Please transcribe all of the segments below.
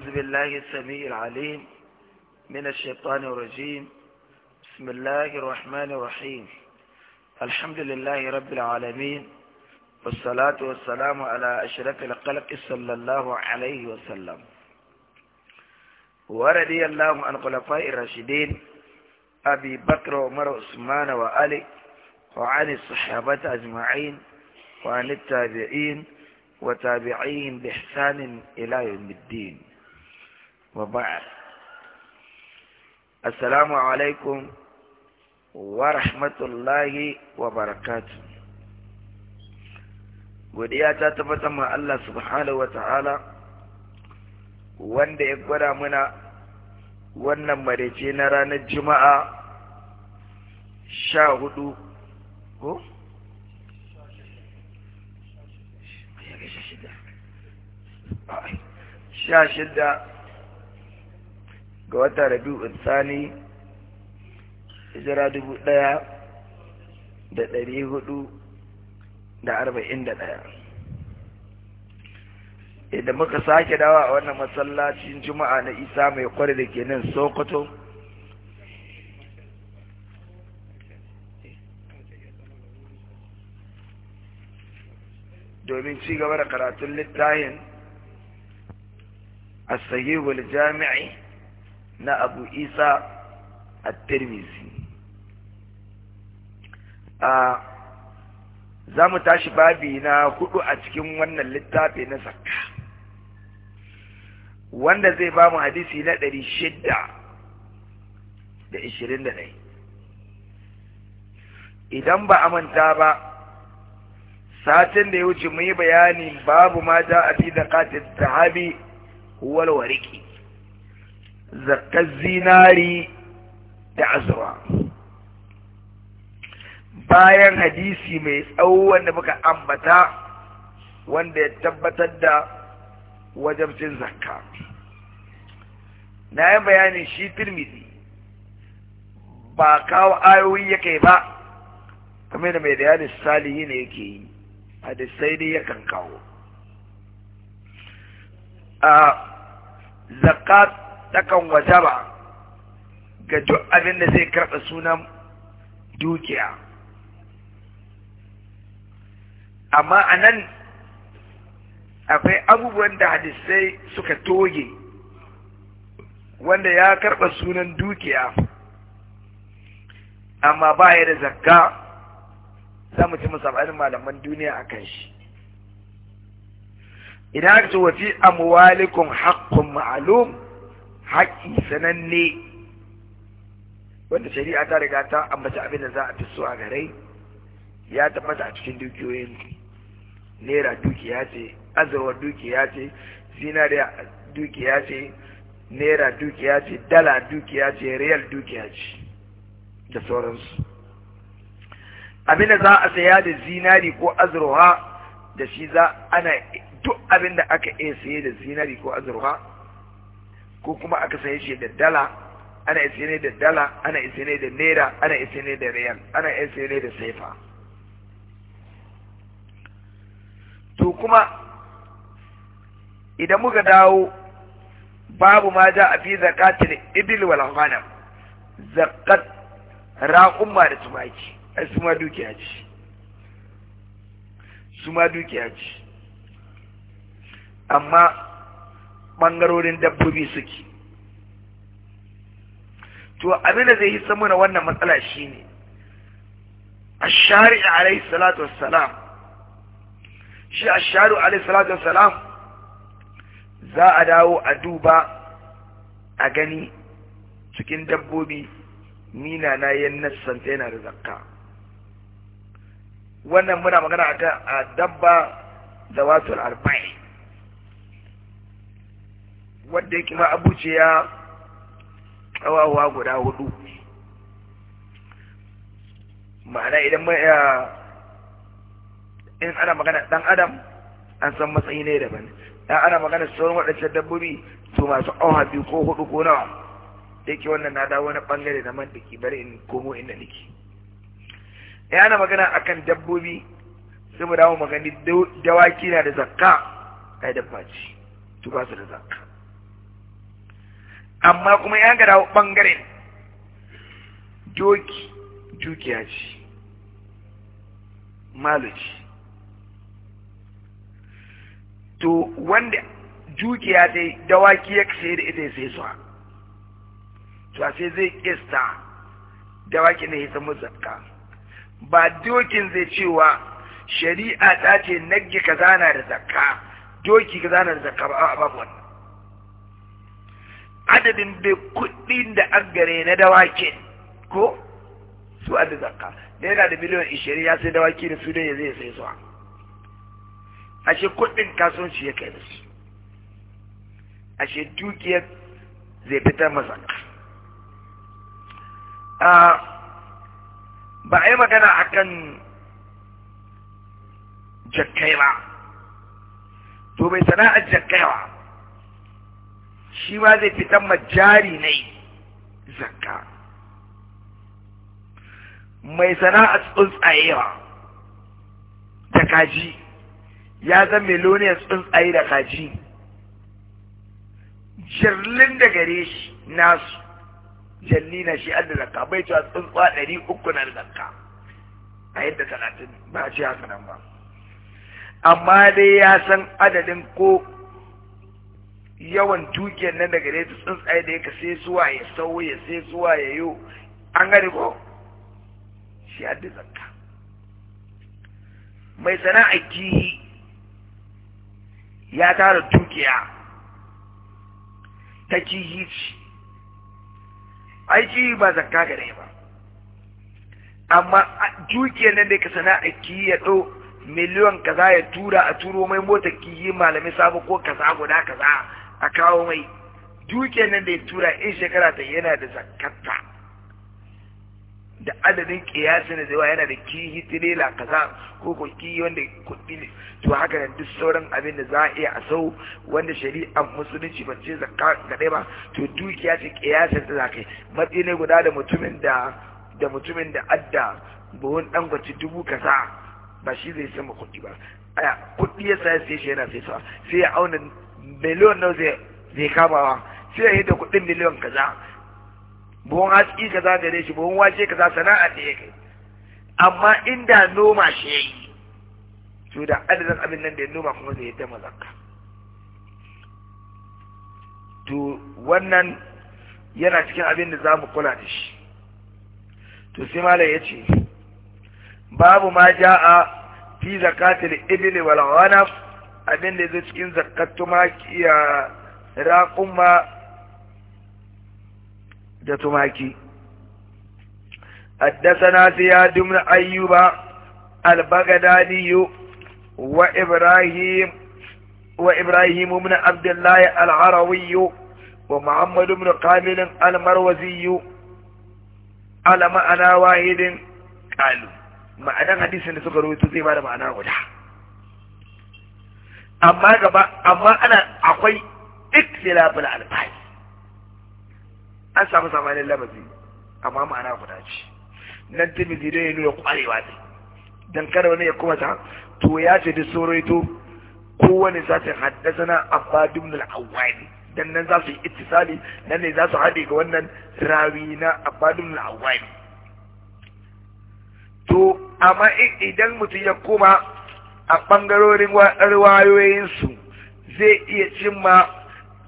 أعوذ بالله السميع العليم من الشيطان الرجيم بسم الله الرحمن الرحيم الحمد لله رب العالمين والصلاة والسلام على أشرف القلق صلى الله عليه وسلم ورضي الله عن خلفاء الراشدين أبي بكر وعمر وعثمان وعلي وعن الصحابة أجمعين وعن التابعين وتابعيهم بإحسان إلى يوم الدين وبعد alaikum عليكم ورحمة الله وبركاته godiya ta tabbatar ma Allah subhanahu wata'ala wanda ya gwada mana wannan marece na ranar juma'a sha hudu ko? sha shida ga wata rabi'u tsani hijira dubu ɗaya da ɗari hudu da arba'in da ɗaya idan muka sake dawa a wannan masallacin juma'a na isa mai kwari da ke nan sokoto domin ci gaba da karatun littahin a sahihul jami'i na abu isa a tirmidhi a za mu tashi babi na hudu a cikin wannan littafi na zakka wanda zai ba mu hadisi na ɗari shidda da ishirin da ɗai idan ba a manta ba satin da ya wuce mu yi bayani babu mata a fi da katin sahabi huwal wariki zakar zinari da azura, bayan hadisi mai tsawo wanda muka ambata wanda ya tabbatar da wajabcin zakka na yi bayanin shi turmidi ba kawo ayoyi ya kai ba kamar da mai yadda salihi ne yake yi hadisai dai yakan kawo a ah, zakat takan wajaba ga duk abin da zai karɓa sunan dukiya amma a nan akwai abubuwan da hadisai suka toge wanda ya karɓa sunan dukiya amma ba ya da zakka za mu ci musamman malaman duniya a kan shi idan aka ce wafi amuwalikun haƙƙun ma'alum? haƙƙi sananne wanda shari'a ta riga ta ambaci abin da za a fi so a gare ya tabbata a cikin dukiyoyin naira dukiya ce azurwa dukiya ce zinariya dukiya ce naira dukiya ce dala dukiya ce riyal dukiya ce da sauransu abin da za a saya da zinari ko azurwa da shi za ana duk abin da aka iya saye da zinari ko azurwa ko kuma aka saye shi da dala ana isa ne da dala ana isa ne da naira ana isa ne da riyal ana isa ne da saifa to kuma idan muka dawo babu ma ja a fi zakatil ibil wal ghanam zakat raqumma da tumaki ai suma dukiya ce suma dukiya ce amma ɓangarorin dabbobi suke to abin zai yi samu na wannan matsala shi ne a shari alaihi salatu wassalam shi a shari alaihi salatu wassalam za a dawo a duba a gani cikin dabbobi nina na yin nassanta yana da zakka wannan muna magana a dabba da wasu arba'in wadda yake ma abuciya kawawa guda hudu ma'ana idan mai in ana magana dan adam an san matsayi ne daban dan ana magana sauran waɗancan dabbobi su masu auha biyu ko hudu ko nawa yake wannan na dawo wani bangare na ke bari in komo inda nake Ya ana magana akan dabbobi sai mu dawo magani dawaki na da zakka ai dabba ce tu ba su da zakka amma kuma ya gada bangaren doki dukiya ce malu to wanda dukiya dai dawaki ya kashe da ita ya sai suwa to a sai zai kista dawaki na hita zakka ba dokin zai cewa shari'a ta ce nage kaza na da zakka doki kazana da zakka ba a babu wannan adadin da kuɗin da an gare na dawaki ko su an da zakka da yana da miliyan ishirin ya sai dawaki da su ne zai sai su ashe kuɗin kasuwanci ya kai musu ashe dukiyar zai fitar masa ba a yi magana akan jakkai ba to mai sana'ar jakkai ba shi ma zai fitar majari ne zakka mai sana'a tsuntsayewa da kaji ya zan meloniyar tsuntsaye da kaji jirlin da gare shi nasu jalli na shi an da zakka bai cewa tsuntsuwa ɗari uku na zakka a yadda talatin ba a ce haka nan ba amma dai ya san adadin ko yawan dukiyar nan daga da tsuntsaye da yake sai zuwa ya sauwa ya sai zuwa ya yi an gani ko shi haddi zanka mai sana'a kihi ya tara dukiya ta kihi ce aiki ba zanka gare ba amma dukiyar nan da ka sana'a kihi ya ɗau miliyon kaza ya tura a turo mai mota kihi malami sabu ko kaza guda kaza a kawo mai duke nan da ya tura in shekara ta yana da zakatta da adadin kiyasi na zai yana da kihi tirela kaza ko ko kihi wanda kuɗi ne to haka nan duk sauran abin da za a iya a sau wanda shari'ar musulunci ba ce zakka ba to dukiya ce kiyasi da zakai ne guda da mutumin da da mutumin da adda buhun ɗan gwaci dubu kaza ba shi zai sama kuɗi ba aya kuɗi ya sa sai shi yana sai sai ya auna miliyon nawa zai kama wa? sai ya da kudin miliyon kaza buhun haski kaza da shi buhun wace kaza sana'a da ya kai amma inda noma shi ya yi su da adadin abin nan da ya noma kuma zai yadda mazaka to wannan yana cikin abin da za mu kula da shi to sai malai ya ce babu ma ja'a fi zakatul ibli wal ghanam abin da zai cikin zarkattu maki ya raƙun ma da tumaki haddasa na siya dumna ayyuba albagadani yi wa ibrahim wa ibrahim min abdullahi al-arawi wa Muhammadu, ibn kamil al-marwazi ala ma'ana wahidin qalu ma'anan hadisin da suka rubuta zai ba da ma'ana guda amma gaba amma ana akwai ikhtilaful alfaz an samu samanin lamazi amma ma'ana guda ce nan timidi dai nuna kwarewa ne dan kada wani ya kuma ta to ya ce da soroito kowane za ta haddasa na abba dubnul awwali dan nan za su yi ittisali nan ne za su haɗe ga wannan rawi na abba dubnul awwali to amma idan mutum ya koma a ɓangarorin wayoyinsu zai iya cimma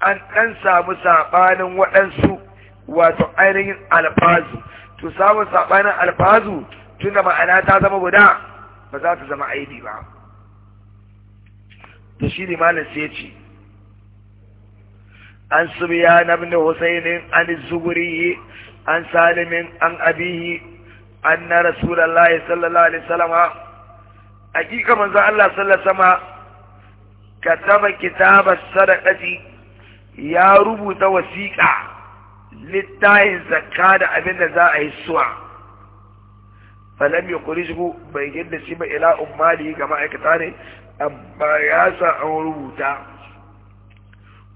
an ɗan samu saɓanin waɗansu wato ainihin alfazu to samun saɓanin alfazu tun da ma'ana ta zama guda ba za ta zama aibi ba da shi ne malin sai ce an subiya na bin husainin an zuguri an salimin an abihi an na rasulallah sallallahu alaihi salama hakika manzon Allah sallallahu sama wasallam kataba sadaqati ya rubuta wasiƙa littayin zakka da abinda za a yi suwa falam yukhrijuhu bai yadda shi ba ila ummali ga ma'aikata ne amma ya sa an rubuta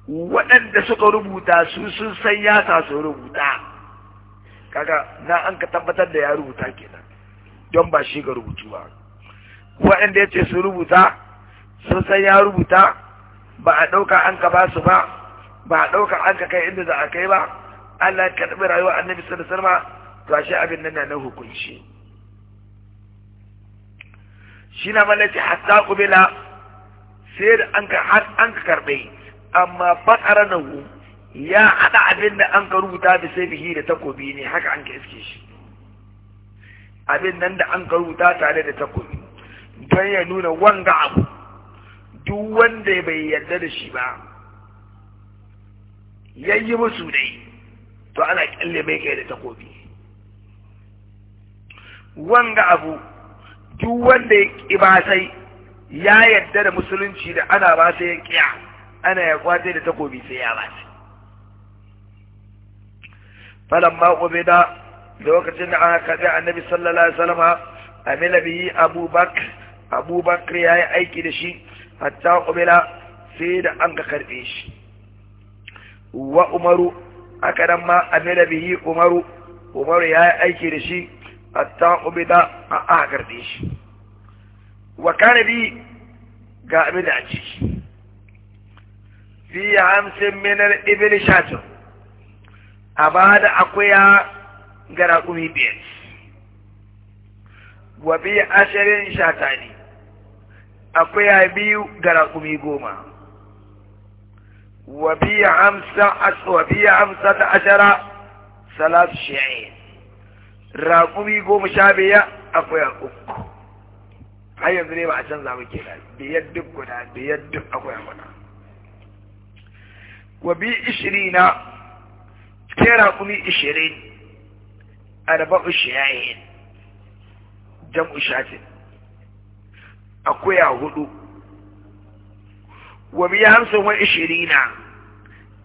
waɗanda suka rubuta su sun san ya sa su rubuta kaga na an ka tabbatar da ya rubuta kenan don ba shi ga rubutu ba waɗanda ya ce su rubuta sun san ya rubuta ba a ɗauka an ka ba su ba ba a ɗauka an ka kai inda za a kai ba Allah ka taɓa rayuwa annabi sallallahu alaihi wasallam to shi abin nan na hukunci shi na mallaki hatta kubila sai da an ka har an ka karɓe amma fakara na hu ya haɗa abin da an ka rubuta da sai bihi da takobi ne haka an ka iske shi abin nan da an ka rubuta tare da takobi don ya nuna wanga abu duk wanda bai yarda da shi ba yayi musu dai to ana kyalle mai kai da takobi wanga abu duk wanda ya ƙi ba sai ya yarda da musulunci da ana ba sai ya ƙiya ana ya kwace da takobi sai ya ba sai falamma ubida da lokacin da aka kaɗe annabi sallallahu alaihi wasallama amila bihi abubakar abubakar ya yi aiki da shi hatta umila sai da an ka karbe shi wa umaru aka nan ma amila bihi umaru umaru ya yi aiki da shi hatta umila a aka karbe shi wa kana ga abin da a fi hamsin minar ibil shatin a ba da akuya gara raƙumi biyar wa bi ashirin shatani akwai biyu ga raƙumi goma wa biya hamsa ta ashara salat shi'in raƙumi goma sha biya akwai uku har yanzu ne ba a canza ba ke da biyar duk guda biyar duk akwai guda wa bi ishirina cikin raƙumi ishirin arba'u shi'ayin jam'u shatin akuya hudu wa biyansu wa ishirina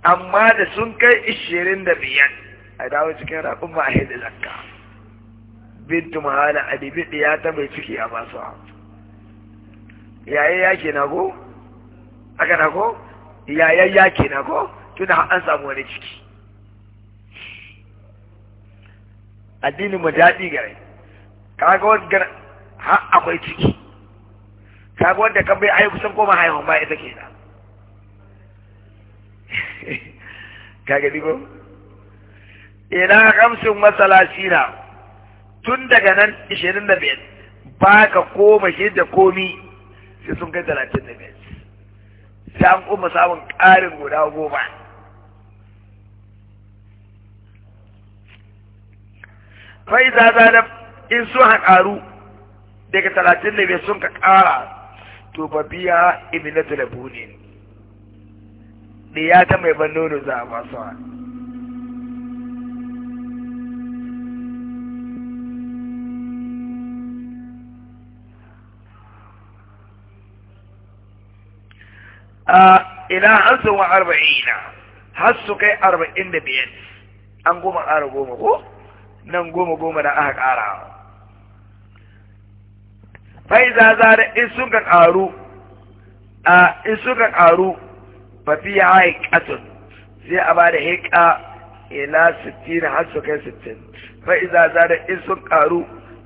amma da sun kai ishirin da biyan a dawo cikin raƙun ba a haidu zakka bintu mahala a dibi ya ta mai ciki a masu yaye ya ke na ko aka na ko yaye ya ke na ko tuna an samu wani ciki addinin mu daɗi gare kaga wani har akwai ciki kaga wanda kan bai ayi kusan koma haihuwa ba ita ke nan kaga digo ila kamsin masalashina tun daga nan 25 ba ka koma shi da komi sai sun kai 35 sai an kuma samun ƙarin guda goma fa'iza da in sun haƙaru daga 35 sun ka ƙara to fa biya ibnatu ne ya ta mai ban nono za a basuwa a an hasu wa arba'ina su kai arba'in da biyar an goma ƙara goma ko nan goma goma da aka ƙara fai za za da in suka ƙaru a in suka ƙaru fafi ya haikatun sai a ba da haika ila 60 har su kai 60 fai za za da in sun ƙaru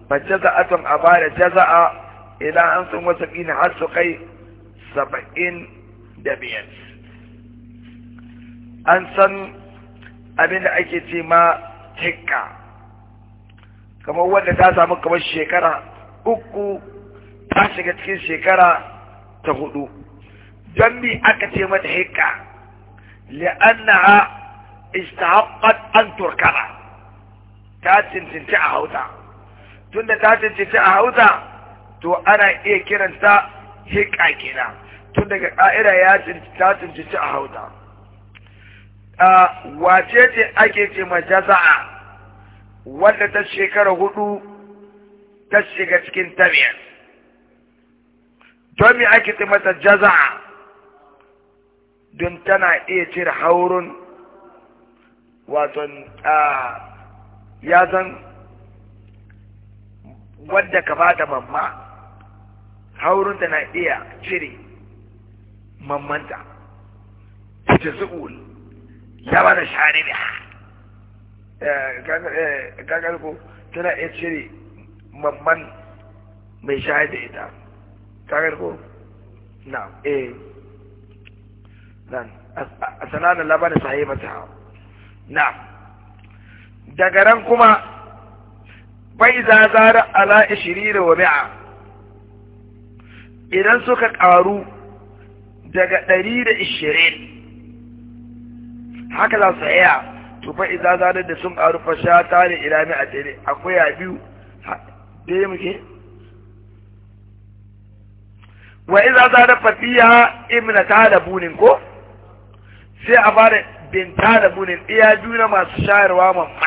fa jaza'atun a ba da jaza a ila an sun wasu ƙina har su kai 70 da biyar an san abin da ake ce ma tikka kamar wanda ta samu kamar shekara uku ta shiga cikin shekara ta hudu don aka ce mata hika li'annaha istahaqqat an turkana ta cincinci a hauta tunda ta cincinci a hauta to ana iya kiranta hika kenan tun daga ƙa'ira ya cincinci a hauta wace ce ake ce ma jaza'a wanda ta shekara hudu ta shiga cikin tabiyar don me ake ce mata jaza, don tana iya cire haurun waton ya zan wadda ka ba ta mamma haurun tana iya cire mammanta ta zuul ya ba da shari ne eh, eh, tana iya cire mamman mai shahada ita kagar ko na eh nan a sana'ar labarin sahi ba ta na daga ran kuma bai za zara ala ishiri da wabi'a idan suka ƙaru daga ɗari da ishirin haka za su tsaya to fa iza zarar da sun ƙaru fasha ta ne ila a tsere akwai a biyu dai muke wa iza za da fatiya ibn da bunin ko sai a fara binta da bunin iya juna masu shayarwa mamma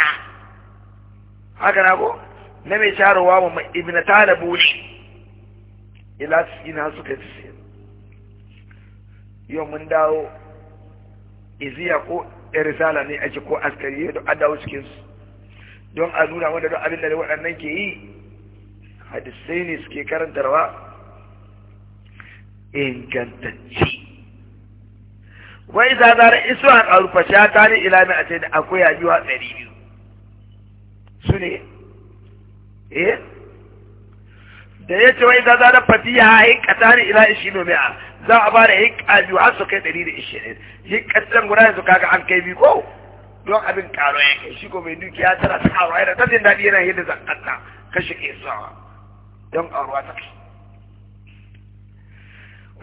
haka na ko na mai shayarwa mamma ibna ta da bunin ila ina suka sai yau mun dawo iziya ko irisala ne ake ko askari da adawo su don a nuna wanda don abin da waɗannan ke yi hadisai ne suke karantarwa ingantacci wai za zara isu a ƙarfa sha ta ne ilami a ce da akwai a biyu a ɗari biyu su ne eh da ya ce wai za zara fatiya a hinka ta ne ila ishino mi'a za a bada hinka biyu har su kai ɗari da ishirin hinka can guda su kaga an kai biyu ko don abin karo ya kai shi ko mai dukiya tara ta karo da ta jin daɗi yana yadda zakanta kashe ke sawa don ƙaruwa ta kai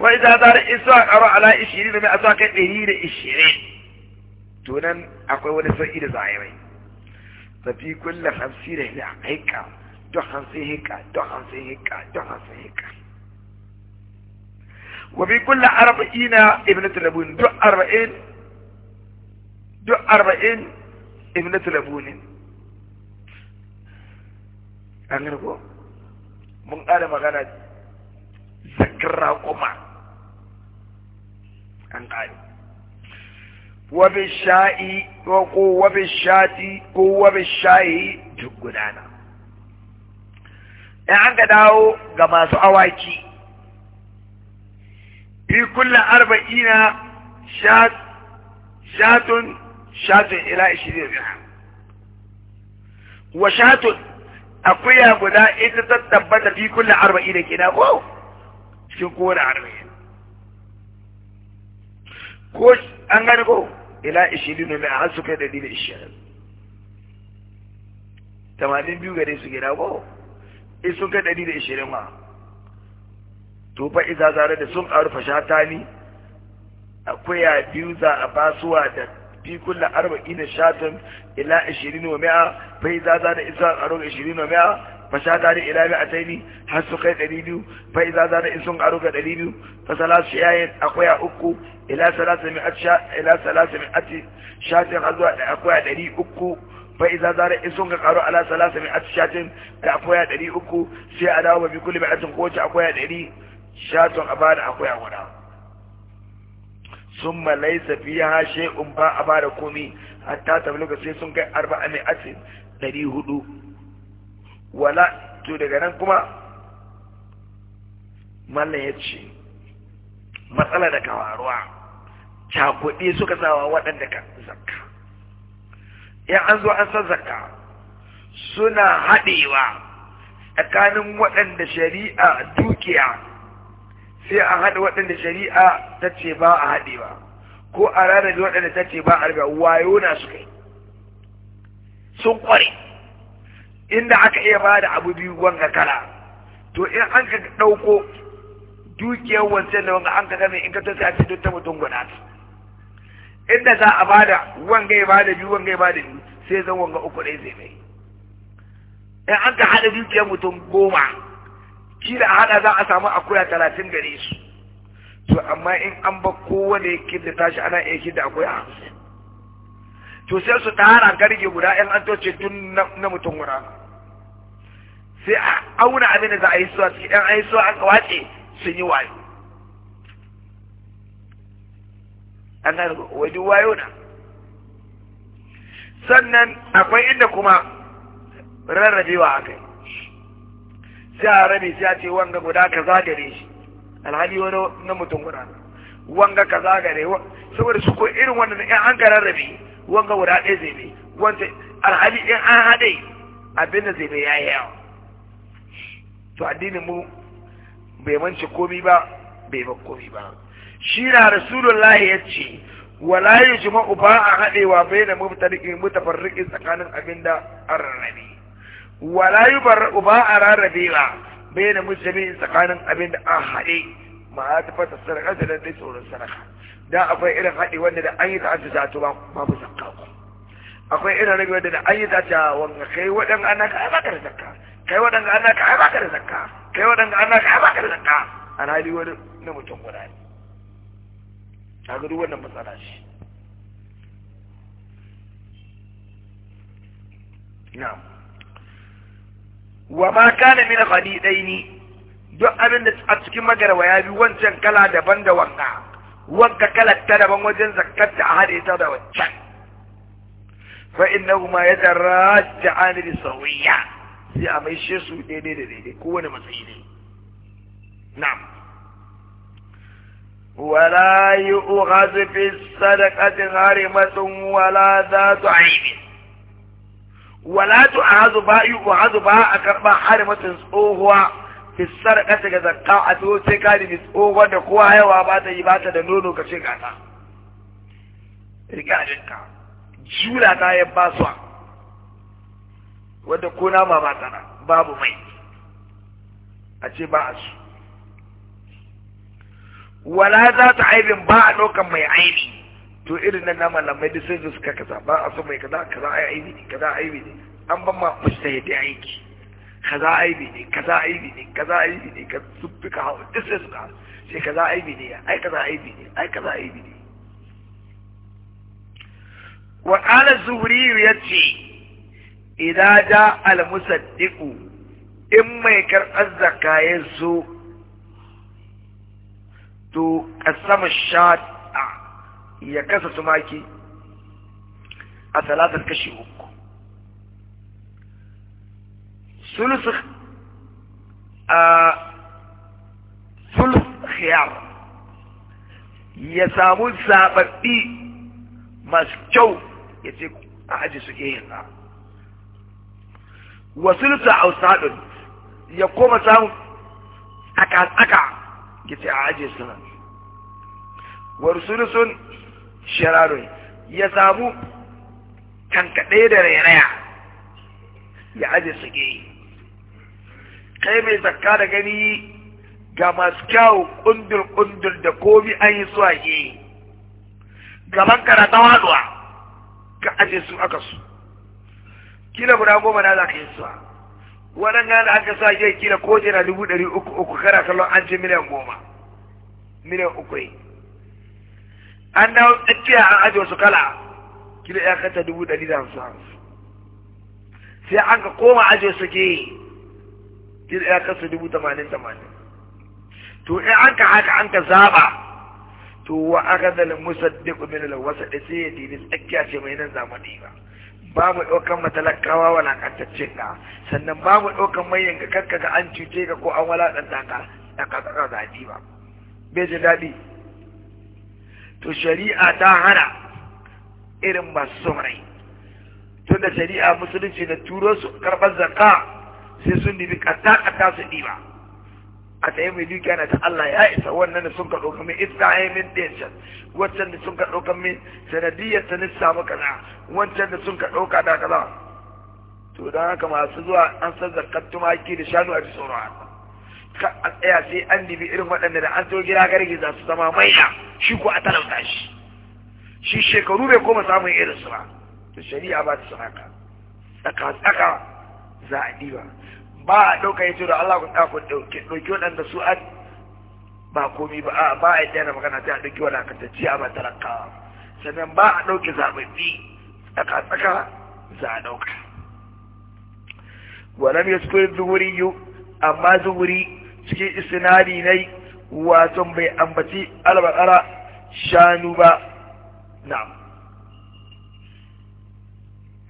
وإذا دار إسوا أرى على إشيرين ومن أسوا كدهين إشيرين تونا أقوى ونسوئي زائرين ففي كل خمسين هكا دو خمسين هكا دو خمسين هكا دو خمسين هكا وفي كل أربعين ابنة لبون دو أربعين دو أربعين ابنة لبون أنغرقو من قال مغانا ذكر راقما عن قاري وبالشاي وقوة بالشاتي قوة بالشاي جقدانا يعني داو قما سعواتي في كل أربعين شات شات شات إلى إشدير بها وشات أقويا قدا إذا تتبت في كل أربعين كنا أوه شكور أربعين ko an gane ko ila 20 ne har su kai 120 tamanin biyu gare su gina ko in sun kai 120 ma to fa iza zare da sun karu shatani akwai ya biyu za a basuwa da fi kulla arba'in da shatun ila ishirin wa mi'a fa iza zare da isa karo 20 wa mi'a fashata da ila bi ataini har su kai 200 fa idza zana in sun karo ga 200 fa salasu shayayin akwai a uku ila salasa mi ila ati zuwa da akwai a 300 fa idza zana in sun karo ala salasa ati da akwai a 300 sai a dawo bi kulli ko ta akwai a 100 a bada akwai a ثم ليس فيها شيء با أباركمي حتى تبلغ سيسون كأربعة مئة دري wala to daga nan kuma mallan ya ce matsala da kawaruwa cakuɗi suka sawa waɗanda ka zakka in an zo an san zakka suna haɗewa tsakanin waɗanda shari'a dukiya sai a haɗa waɗanda shari'a ta ce ba a haɗewa ko a rarrabe waɗanda ta ce ba a rabe wayo na su kai sun ƙware inda aka iya ba da abu biyu wanga kala to in an ka ɗauko dukiyar wancan da wanga an ka gane in ka ta duk ta mutum guda inda za a bada wanga ya bada biyu wanga ya bada biyu sai zan wanga uku ɗaya zai mai in an ka haɗa dukiyar mutum goma kila a haɗa za a samu akuya talatin gare su to amma in an ba kowane ya kidda tashi ana iya da akwai a hamsin to sai su tara garge guda in an toce tun na mutum guda sai a auna abin da za a yi suwa sai ɗan an yi suwa aka wace sun yi wayo an gane wai wayo na sannan akwai inda kuma rarrabewa a kai. sai a rabe sai a ce wanga guda ka zagare shi alhali wani na mutum guda wanga ka zagare saboda su ko irin wannan in an ka rarrabe wanga guda ɗaya zai bi wanda alhali in an haɗe abin da zai bi ya yi yawa to addinin mu bai mance komi ba bai ba komi ba shi na rasulullahi ya ce wala yi jima'u ba a haɗewa bai da mutarikin mutafarrikin tsakanin abin da an rarrabe wala yi ba a rarrabe ba, bai da mutarikin tsakanin abin da an haɗe ma a tafa ta sarƙa da dai tsoron sarƙa da akwai irin haɗe wanda da an yi ta anta zato ba babu zakka akwai irin rabe wanda da an yi ta ta wanga kai waɗanda an haka ba ka da zakka kai waɗanda an naka ai ka da zakka kai waɗanda an naka ai ka da zakka an hali wani na mutum guda ne ta gudu wannan matsala shi na'am wa ma kana min khadidaini duk abin da a cikin ya bi wancan kala daban da wanga wanka kala ta daban wajen zakkata a haɗe ta da wancan fa innahu ma yatarajja'ani bi sawiyya sai a maishe su daidai da daidai kowane matsayi ne na'am wala yi yu'khadhu fi hari masu wala su haini wala a tu'khadhu ba yi yu'khadhu ba a karba harimatun tsohuwa fi ƙasa ga zakka a tsohon sai ka da tsohuwa da kowa yawa ba ta yi ba ta da nono ka ce gata rigajinka jula ta ba su wadda ko nama ba tsara babu mai a ce ba a su wala za ta aibin ba a ɗaukan mai aibi to irin nan nama lamai duk sai suka kaza ba a so mai kaza kaza aibi ne kaza aibi ne an ban ma mustahidi aiki kaza aibi ne kaza aibi ne kaza aibi ne kaza sun fi ka hau duk sai suka sai kaza aibi ne ai kaza aibi ne ai kaza aibi ne wa zuhuri ya ce. ida ja almusaddiqu in mai karɓar zakka ya zo to kasama sha'a ya kasa tumaki a talatar kashi uku Sulus a sulus khiyar ya samu zaɓaɓɓi masu kyau ya ce a aji su ke yin wasilta usadun ya koma samun tsaka-tsaka ki ce a aje suna warsulusun shirarun ya samu kankaɗe da rairaya ya aje su ke kai mai zakka da gani ga masu kyawu ƙundur-ƙundur da komi an yi su a ke gaban karatawa zuwa ka aje su aka su kila guda goma na za ka yi suwa wannan gane aka sa yi kila ko jira dubu ɗari uku uku kana kallon an ce miliyan goma miliyan uku yi an dawo tsakiya an ajiye wasu kala kila ya kanta dubu ɗari da hamsin hamsin, sai an ka koma ajiye su ke kila ya kanta dubu tamanin tamanin to in an ka haka an ka zaɓa to wa aka zalin musaddiƙu min alwasa da sai ya dini tsakiya ce mai nan zamani ba Babu ɗaukan matalakawa walakantacce ka sannan babu ɗaukar ɗaukan manyan ka ga an cuce ka ko an walaɗanta ka da ka tsara zaɓi ba bai ji daɗi to shari'a ta hana irin masu son rai tun da shari'a musulunci da turo su karɓar zakka sai sun nemi ƙata-ƙata su ɗiba a tsaye mai duka na ta Allah ya isa wannan da sun ka ɗauka min ita ya min ɗinsa wancan da sun ka ɗauka min sanadiyar ta nissa maka na wancan da sun ka ɗauka da kaza to don haka masu zuwa an san zakar tumaki da shanu a ji tsoron ka a tsaya sai an dibi irin waɗanda da an tsoron gida gargi za su zama maina shi ko a talauta shi shi shekaru bai koma samun irin su ba to shari'a ba ta sanaka tsaka tsaka za a diba ba a ɗauka ya ce da Allah ku ɗauki ɗauki ɗauki waɗanda su an ba komi ba a ba a yadda magana ta ɗauki wadakatacci a rakawa sannan ba a ɗauki zaɓaɓɓi tsaka-tsaka za a ɗauka walam ya suke zuwuri yu amma zuwuri cikin na ne wato bai ambaci albaƙara shanu ba na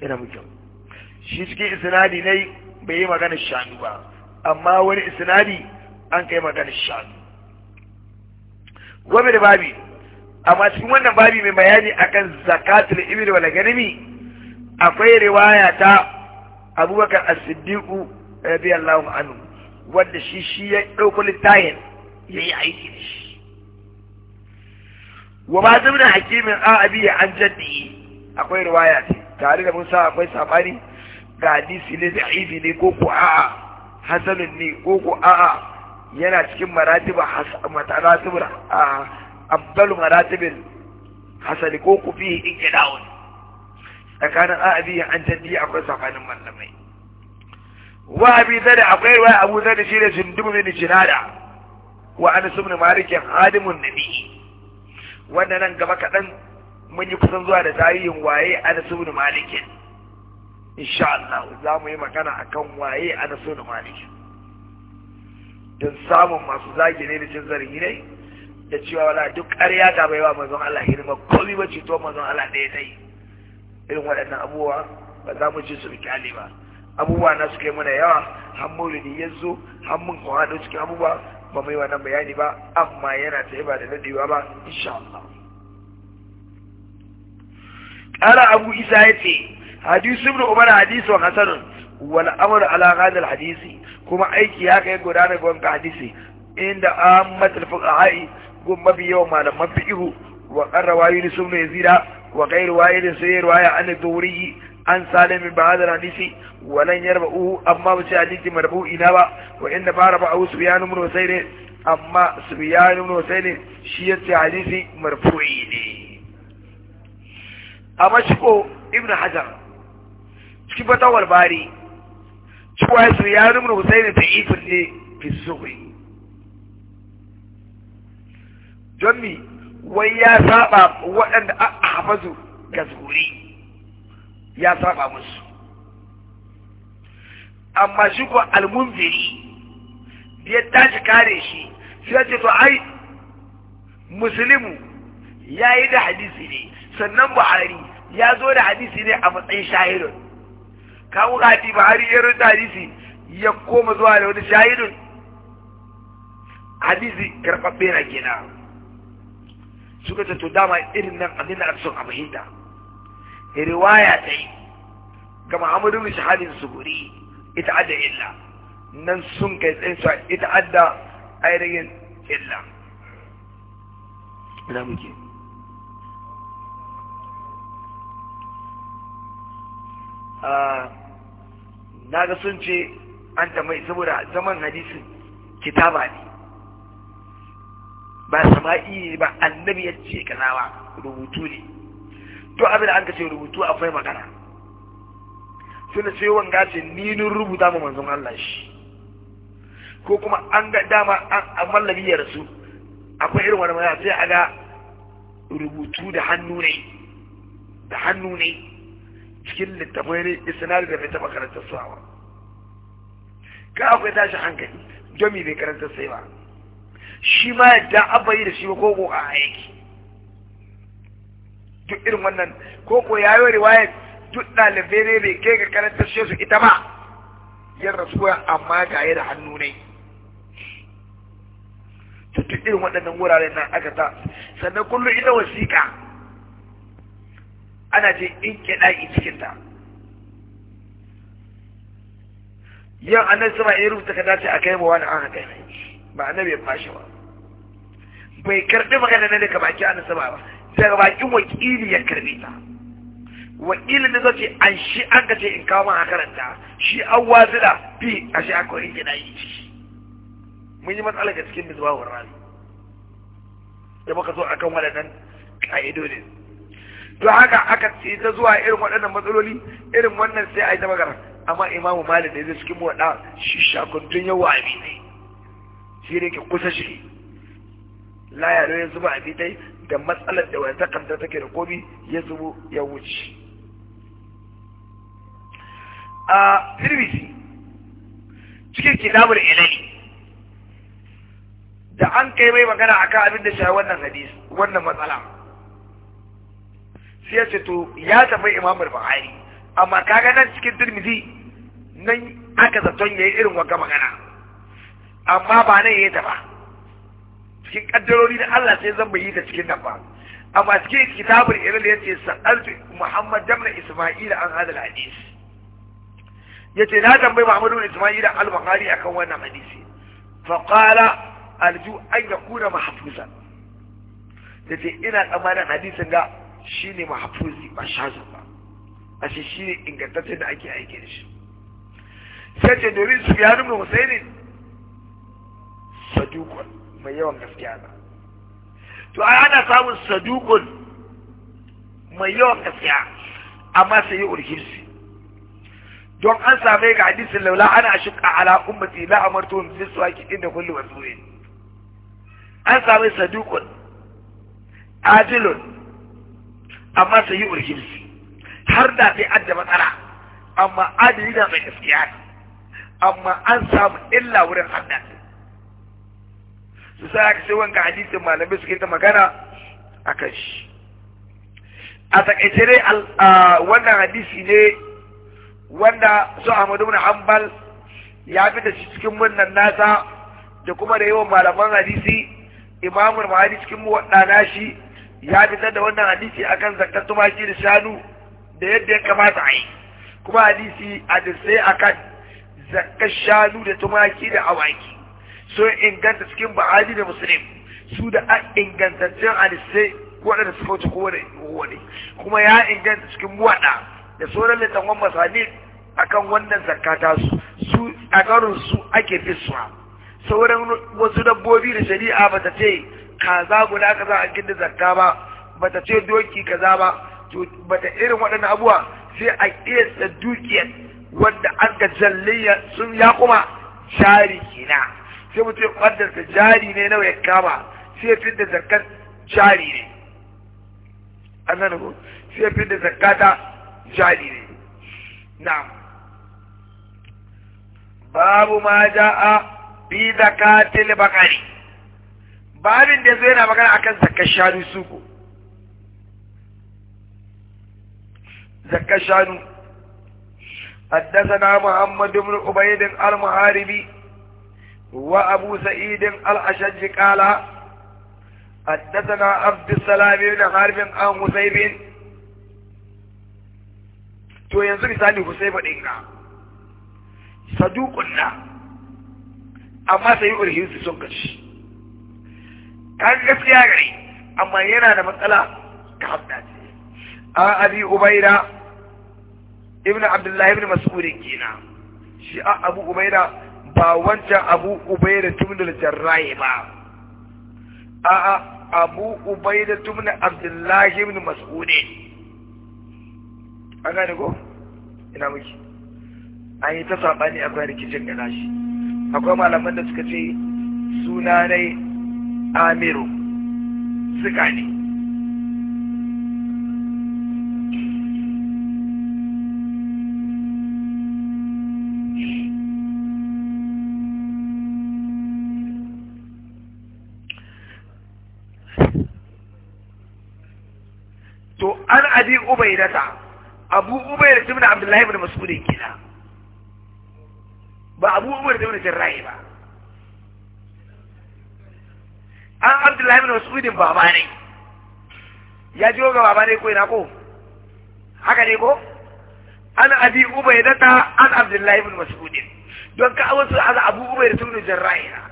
ina mutum shi cikin na ne bai yi maganin shanu ba amma wani isnadi an kai maganin shanu Gobe da babi amma cikin wannan babi mai bayani akan zakatul ibri wal ganimi akwai riwaya ta abubakar as-siddiq radiyallahu anhu wanda shi shi ya dauko littayin yayi aiki da shi wa ba zubna hakimin a abi an jaddi akwai riwaya ce tare da Musa akwai sabani ga hadisi ne da'ifi ne ko ku a'a hasanun ne ko ku a'a yana cikin maratiba a abdalu maratibin hasali ko ku fi inkida'un tsakanin A'a bi an taddi akwai tsakanin mallamai wa abi zada akwai ruwa abu zada shi ne sundubu jinada wa an sumni malikin hadimun nabi wannan nan gaba kaɗan mun yi kusan zuwa da tarihin waye an sumni malikin insha Allah za mu yi magana a kan waye a so na maliki don samun masu zagi ne da cin zargi ne da cewa wala duk ƙarya ta baiwa mazan Allah hidima komai ba ceto mazan Allah ɗaya dai irin waɗannan abubuwa ba za mu ji su rikali ba abubuwa na suka yi mana yawa har maulidi ya zo har mun da cikin abubuwa ba mu yi wannan bayani ba amma yana ta ba da daɗewa ba insha Allah. Ƙara Abu Isa ya ce, hadisi ibn umar hadisun hasanun wal amru ala hadha hadisi kuma aiki ya kai gudanar ga wannan hadisi inda ammatul fuqaha'i gun mafi yawan malaman fiqhu wa qarrawa yunus ibn yazid wa ghayru wa'id sayyid wa'ya an dawrihi an salim bi hadha hadisi walan yarba'u amma bi hadisi marfu'i na ba wa inda fara ba'u subyan ibn husayn amma subyan ibn husayn shi yace hadisi marfu'i ne a mashiko ibn hajar cikin fatawar bari cewa ya su ya rumar ifin ne fi zuhri don mi wai ya saba waɗanda a hafazu ga zuhuri ya saba musu amma shi ko almunziri da ya tashi kare shi sai ce to ai musulmu ya yi da hadisi ne sannan buhari ya zo da hadisi ne a matsayin shahidun kawo gati ba har ya rinta hadisi ya koma zuwa da wani shahidun hadisi karfafe na gina suka ce to dama irin nan abin da son a fahimta riwaya ta yi ga Muhammadu mai Shahadin guri ita adda illa nan sun kai tsayin su ita adda ainihin illa ina muke Uh, na ga sun ce an tambayi saboda zaman hadisin kitaba ne ba sama'i ne ba annabi ya ce kazawa rubutu ne to abin da an ka ce rubutu akwai magana suna ce wanga ce ni rubuta ma manzon Allah shi ko kuma an ga dama an mallabi ya rasu akwai irin wani sai a ga rubutu da hannu ne da hannu ne cikin littafai ne isnadi da bai taba karanta suwa ba ka akwai tashi hankali domi bai karanta sai ba shi ma yadda abba yi da shi ba koko a aiki duk irin wannan koko ya yi riwayar duk ɗalibai ne bai kai ga karanta shi su ita ba yin rasuwa amma ga yi da hannu ne duk irin waɗannan wuraren nan aka ta sannan kullum ita wasiƙa ana je in kiɗa'i cikin ta yau annabi sama ya rubuta ka dace a kai ba wani an haka ba annabi ya fashe ba bai karɓi magana na daga baki annan sama ba daga bakin wakili ya karɓi ta wakilin da zai ce an shi an ka ce in kawo ma a karanta shi an wazira fi a shi akwai in yi ciki mun yi matsala ga cikin mizuwa wa rami da muka zo akan waɗannan ƙa'idodin to haka aka ce ta zuwa irin waɗannan matsaloli irin wannan sai a yi ta magana amma imamu malin da zai cikin waɗa shi shakuntun yawa a bitai shi ne ke kusa shi laya da ya zuba a bitai da matsalar da wani takanta take da komi ya zubo ya wuce a firbisi cikin kitabul ilani da an kai mai magana akan abin da shi wannan hadis wannan matsala sai ya ce to ya tafi imam al-bukhari amma kaga nan cikin tirmidhi nan aka zaton yayi irin wanka magana amma ba nan yayi ta ba cikin kaddarori da Allah sai zan yi ta cikin nan ba amma cikin kitabul ilal yace sa'altu muhammad ibn isma'il an hadal hadis yace na tambayi muhammad ibn isma'il al-bukhari akan wannan hadisi fa qala arju an yakuna mahfuzan yace ina tsammanin hadisin da. shi ne mahafuzi ba shazin ba a shi shi ne ingantaccen da ake aiki da shi sai ce domin su ya nuna husaini sadukun mai yawan gaskiya na to ai ana samun sadukun mai yawan gaskiya amma sai yi urhimsi don an same ga hadisin laula ana shuka ala ummati la amartu bi sawaki inda kullu ne. an same sadukun adilun amma sai yi urhimsi har da sai adda matsala amma adali na mai gaskiya amma an samu illa wurin Allah su sai aka wanga hadisin malamai suke ta magana a kan shi a takaice dai wannan hadisi ne wanda su Ahmadu bin Hanbal ya fi da shi cikin murnan nasa da kuma da yawan malaman hadisi imamul mahadi cikin waɗanda shi ya fitar da wannan hadisi akan zakar tumaki da shanu da yadda ya kamata a yi kuma hadisi hadisai akan zakar shanu da tumaki da awaki so inganta cikin ba'adi da musulmi su da a ingantaccen hadisai waɗanda suka wuce kowane wani kuma ya inganta cikin muwaɗa da sauran littafin masani akan wannan zakata su su a garin su ake fisuwa sauran wasu dabbobi da shari'a ba ta ce kaza guda kaza an a da zakka ba bata ce doki kaza ba to bata irin waɗannan abuwa sai a kiyasta dukiyar wanda an ga jalliya sun ya kuma jari kina sai mutum ɓaddar ta jari ne nawa ya kama sai ya fidda zakkar jari ne an nan ko sai fi da zakkata jari ne na babu ma ja'a fi zakatil bakari ba abin da ya zo yana magana akan zakar shanu su ko zakar shanu haddasa muhammad ibn ubaidin al-muharibi wa abu sa'idin al-ashajji qala haddasa abd salam ibn harbin an husaybin to yanzu misali husayba din ka saduqunna amma sai urhisu sun kashi kan gaskiya gari amma yana da matsala ta hadda ce a abi ubaida ibnu abdullah ibnu mas'ud kina shi a abu ubaida ba wancan abu ubaida tubnul jarrahi ba a a abu ubaida tubnu abdullah ibnu mas'ud an gane ko ina miki an yi ta sabani akwai rikicin gana shi akwai malaman da suka ce suna dai amiru suka ne to an abi ubaidata abu da ibn abdullahi ibn mas'ud kina ba abu da ibn jarrahi ba an abdullahi bin mas'udin baba ne ya jiyo ga baba ne ko ina ko haka ne ko an abi ta an abdullahi bin mas'udin don ka wasu an abu ubaida tun na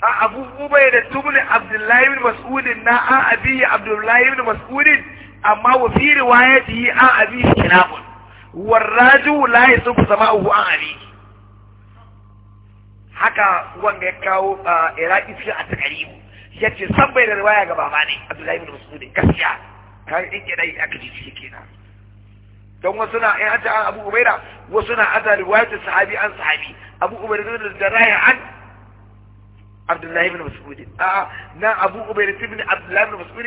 an abu da tun abdullahi bin mas'udin na an abi abdullahi bin mas'udin amma wa fi yi an abi khilafun warraju ku zama uku an abi haka wanda ya kawo iraki fiye a taqrib ya ce san bai da riwaya ga baba ne abdullahi ibn mas'ud gaskiya kai din ke dai aka ji ciki kenan don wasu na in an an abu ubaida wasu na aza riwayat sahabi an sahabi abu ubaida da raya an abdullahi ibn mas'ud a na abu ubaida ibn abdullahi ibn mas'ud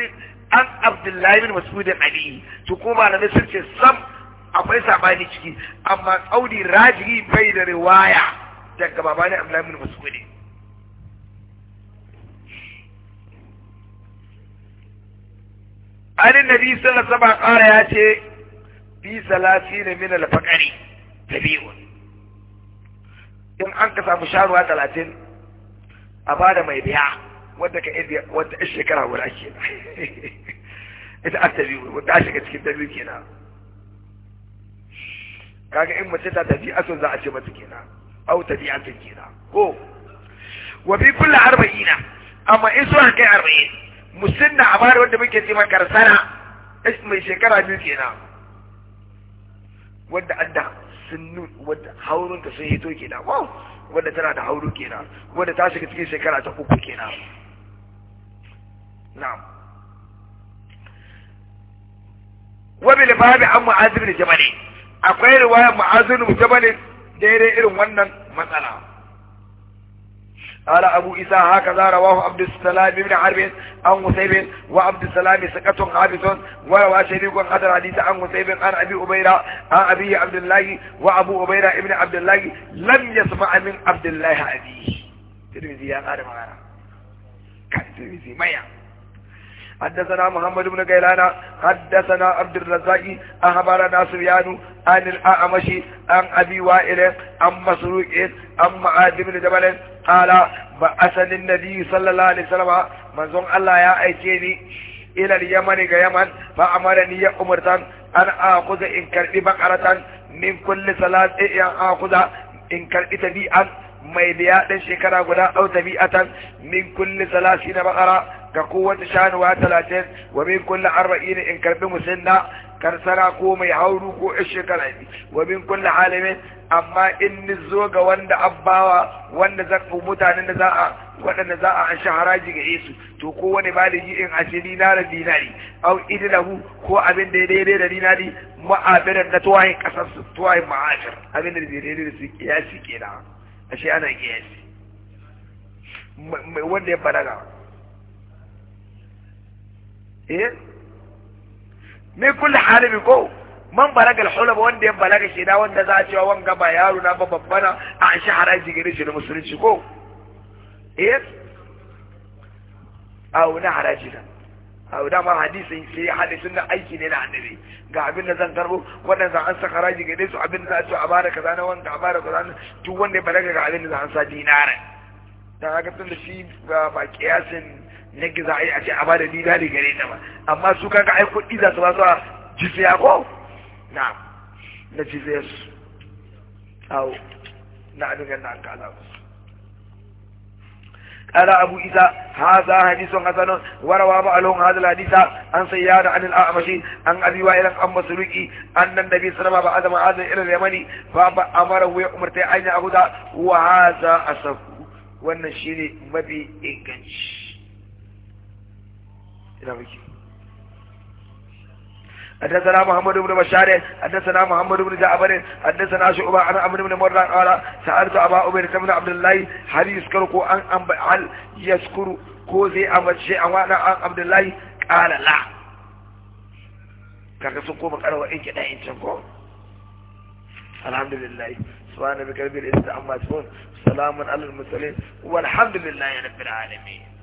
an abdullahi ibn mas'ud ali to ko ba malamai sun ce sam akwai sabani ciki amma tsaudi rajihi bai da riwaya daga babani abdullahi ibn mas'ud an nabi sallallahu alaihi wasallam kara ya ce fi salasin min al-faqri tabi'un in an ka samu sharuwa talatin a bada mai biya wadda ka iya wadda a shekara guda ke ita a tabi'u wadda a shiga cikin tabi'u kenan kaga in mace ta tafi asun za a ce mata kenan au tabi'atun na, ko wa bi kulle arba'ina amma in suna kai arba'in musinna a bari wanda muke ce karsana mai shekara biyu kenan wanda an da sunnu wanda haurun ta sun hito kenan wow wanda tana da hauru kenan wanda ta shiga cikin shekara ta uku kenan na. wabi bil babi an mu'azib da jamani akwai riwaya mu'azib da jamani daidai irin wannan matsala قال أبو إساء هكذا رواه عبد السلام بن حرب عن قصيب وعبد السلام سكة حابس وروى شريك قدر حديث عن قصيب عن أبي أبيرة عن أبي عبد الله وأبو أبيرة ابن عبد الله لم يسمع من عبد الله أبيه ترمزي يا غارب غارب كان ترمزي ما يعني حدثنا محمد بن غيلان حدثنا عبد الرزاق أخبرنا سفيان عن الأعمش عن أبي وائل عن مسروق عن معاذ بن جبل قال بعثني النبي صلى الله عليه وسلم منزون الله يا أيتيني إلى اليمن كيمن فأمرني يا أمرتان أن آخذ إن كربي بقرة min kulli salat ya akuda in karbi tabi'an mai biya din shekara guda au tabi'atan min kulli salati na bakara ga kowace shanuwa talatin wa min kulli arba'in in karbi musinna karsara ko mai hauru ko shekara bi wa min kulli alimin amma in zo ga wanda abbawa wanda zakku mutanen da za a waɗanda za a an haraji ga Yesu to ko wani baligi in ashe dinarin dinari au idlahu ko abin da ya daidai da dinari ma'abiran na tuwayin kasar su tuwayin ma'ashir abin da ya daidai da su kiyasi kenan ashe ana kiyasi wanda ya balaga eh mai kulli halibi ko man balaga alhulaba wanda ya balaga da wanda za a cewa wanga ba yaro na ba babbana a an shi haraji gare shi da musulunci ko eh a na haraji na a wani ma hadisin sai hadisin na aiki ne na annabi ga abin da zan karbo wannan za an saka haraji gare su abin da za a ce a bada kaza na wanda a bada kaza na duk wanda ya balaga ga abin da za an sa dinara da haka tun da shi ba kiyasin yanki za a yi a ce a ba da dinari gare ta ba amma su kaga ai kuɗi za su ba su a jisiya ko na na jisiya su awo na abin ganin an kala musu قال أبو إيسى هذا حديث حسن وروى بعضهم هذا الحديث عن سيارة عن الأعمش عن أبي وائل عن مسروقي أن النبي صلى الله عليه وسلم بعث إلى اليمن فأمره يأمر أن يأخذ وهذا أصف والنشير مبي إنكش ina muke حدثنا محمد بن بشار حدثنا محمد بن جعفر حدثنا شعبة عن عمرو بن مرة قال سألت أبا عبيدة بن عبد الله هل يذكرك أن أم هل يذكر كوزي أم شيء وأنا عن عبد الله قال لا kaga sun koma karawa in kiɗa in can ko alhamdulillah subhanahu wa ta'ala bil izzati amma yasifun salamun alal mursalin walhamdulillahi rabbil